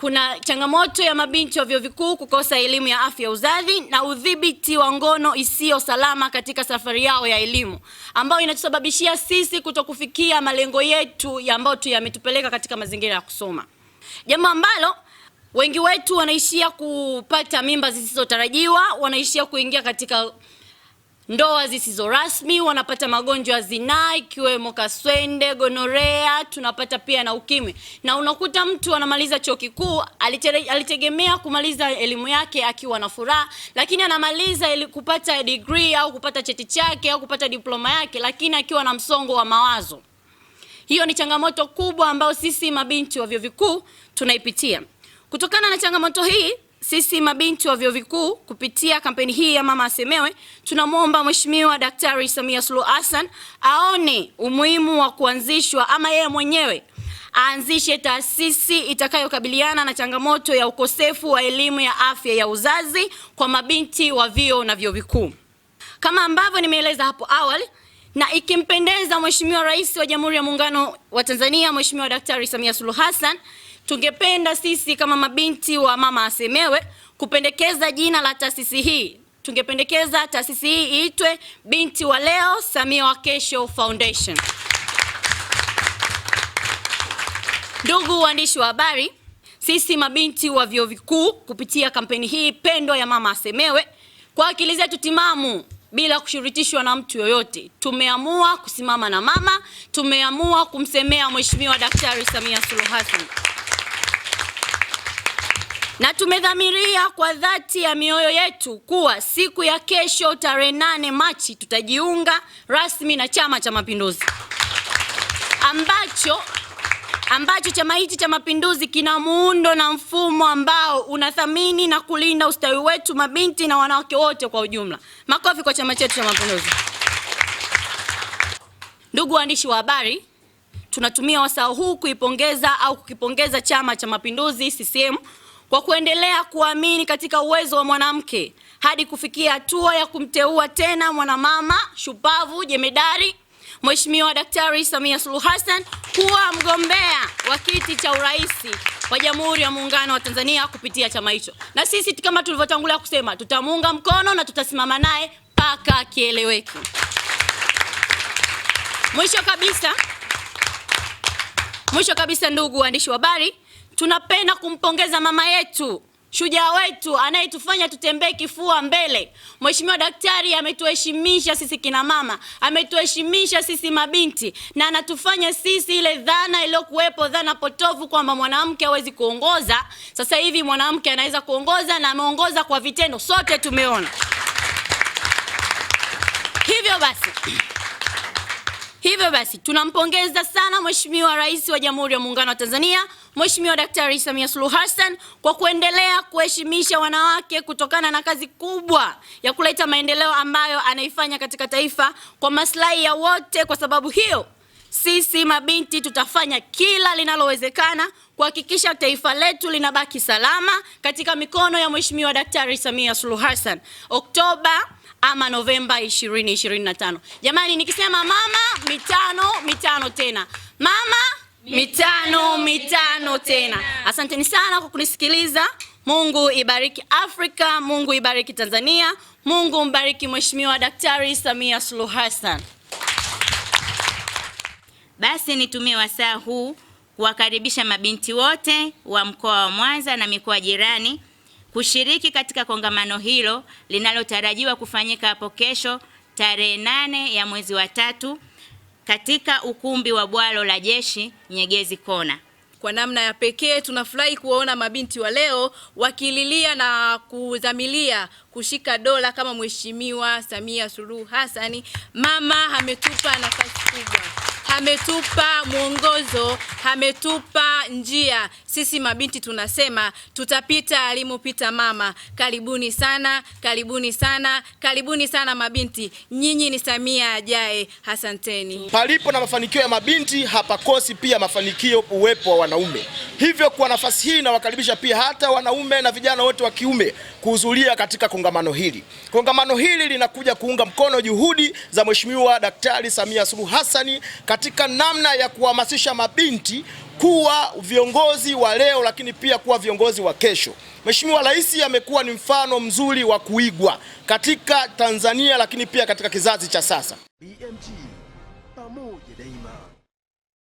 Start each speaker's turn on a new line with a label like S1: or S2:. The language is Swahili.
S1: kuna changamoto ya mabinti wa vyuo vikuu kukosa elimu ya afya uzazi na udhibiti wa ngono isiyo salama katika safari yao ya elimu, ambayo inatusababishia sisi kutokufikia malengo yetu ya ambayo tu yametupeleka katika mazingira ya kusoma, jambo ambalo wengi wetu wanaishia kupata mimba zisizotarajiwa, wanaishia kuingia katika ndoa zisizo rasmi, wanapata magonjwa ya zinaa ikiwemo kaswende, gonorea, tunapata pia na ukimwi. Na unakuta mtu anamaliza chuo kikuu, alitegemea kumaliza elimu yake akiwa na furaha, lakini anamaliza ili kupata degree au kupata cheti chake au kupata diploma yake, lakini akiwa na msongo wa mawazo. Hiyo ni changamoto kubwa ambayo sisi mabinti wa vyuo vikuu tunaipitia. Kutokana na changamoto hii sisi mabinti wa vyuo vikuu kupitia kampeni hii ya mama asemewe, tunamwomba Mheshimiwa Daktari Samia Suluhu Hassan aone umuhimu wa kuanzishwa ama yeye mwenyewe aanzishe taasisi itakayokabiliana na changamoto ya ukosefu wa elimu ya afya ya uzazi kwa mabinti wa vyuo na vyuo vikuu kama ambavyo nimeeleza hapo awali, na ikimpendeza Mheshimiwa Rais wa Jamhuri ya Muungano wa Tanzania Mheshimiwa Daktari Samia Suluhu Hassan Tungependa sisi kama mabinti wa mama asemewe kupendekeza jina la taasisi hii. Tungependekeza taasisi hii iitwe Binti wa Leo Samia wa Kesho Foundation. Ndugu waandishi wa habari, sisi mabinti wa vyuo vikuu kupitia kampeni hii pendwa ya mama asemewe, kwa akili zetu timamu bila kushurutishwa na mtu yoyote, tumeamua kusimama na mama, tumeamua kumsemea Mheshimiwa Daktari Samia Suluhu Hassan. Na tumedhamiria kwa dhati ya mioyo yetu kuwa siku ya kesho tarehe nane Machi tutajiunga rasmi na Chama cha Mapinduzi ambacho ambacho chama hichi cha Mapinduzi kina muundo na mfumo ambao unathamini na kulinda ustawi wetu mabinti na wanawake wote kwa ujumla. Makofi kwa chama chetu cha Mapinduzi. Ndugu waandishi wa habari, tunatumia wasaa huu kuipongeza au kukipongeza Chama cha Mapinduzi CCM kwa kuendelea kuamini katika uwezo wa mwanamke hadi kufikia hatua ya kumteua tena mwanamama shupavu jemedari Mheshimiwa Daktari Samia Suluhu Hassan kuwa mgombea wa kiti cha urais wa Jamhuri ya Muungano wa Tanzania kupitia chama hicho. Na sisi kama tulivyotangulia kusema, tutamuunga mkono na tutasimama naye mpaka akieleweki Mwisho kabisa, mwisho kabisa, ndugu waandishi wa habari Tunapenda kumpongeza mama yetu shujaa wetu anayetufanya tutembee kifua mbele. Mheshimiwa Daktari ametuheshimisha sisi kina mama, ametuheshimisha sisi mabinti, na anatufanya sisi ile dhana iliyokuwepo, dhana potofu kwamba mwanamke hawezi kuongoza, sasa hivi mwanamke anaweza kuongoza na ameongoza kwa vitendo, sote tumeona. Hivyo basi hivyo basi tunampongeza sana Mheshimiwa Rais wa Jamhuri ya Muungano wa Tanzania Mheshimiwa Daktari Samia Suluhu Hassan kwa kuendelea kuheshimisha wanawake kutokana na kazi kubwa ya kuleta maendeleo ambayo anaifanya katika taifa kwa maslahi ya wote. Kwa sababu hiyo, sisi mabinti tutafanya kila linalowezekana kuhakikisha taifa letu linabaki salama katika mikono ya Mheshimiwa Daktari Samia Suluhu Hassan Oktoba ama Novemba 2025. Jamani, nikisema mama mitano mitano tena mama mitano mitano tena. Asanteni sana kwa kunisikiliza. Mungu ibariki Afrika, Mungu ibariki Tanzania, Mungu mbariki Mheshimiwa Daktari Samia Suluhu Hassan.
S2: Basi nitumie wasaa huu kuwakaribisha mabinti wote wa mkoa wa Mwanza na mikoa jirani kushiriki katika kongamano hilo linalotarajiwa kufanyika hapo kesho tarehe nane ya mwezi wa tatu katika ukumbi wa Bwalo la Jeshi Nyegezi Kona.
S3: Kwa namna ya pekee tunafurahi kuwaona mabinti wa leo wakililia na kudhamilia kushika dola kama Mheshimiwa Samia Suluhu hasani Mama ametupa nafasi kubwa, ametupa mwongozo, ametupa njia. Sisi mabinti tunasema tutapita alimopita mama. Karibuni sana, karibuni sana, karibuni sana mabinti, nyinyi ni Samia ajaye. Asanteni.
S4: Palipo na mafanikio ya mabinti hapakosi pia mafanikio uwepo wa wanaume, hivyo kwa nafasi hii nawakaribisha pia hata wanaume na vijana wote wa kiume kuhudhuria katika kongamano hili. Kongamano hili linakuja kuunga mkono juhudi za Mheshimiwa Daktari Samia Suluhu Hassani katika namna ya kuhamasisha mabinti kuwa viongozi wa leo, lakini pia kuwa viongozi wa kesho. Mheshimiwa Rais amekuwa ni mfano mzuri wa kuigwa katika Tanzania, lakini pia katika kizazi cha sasa. BMG pamoja daima.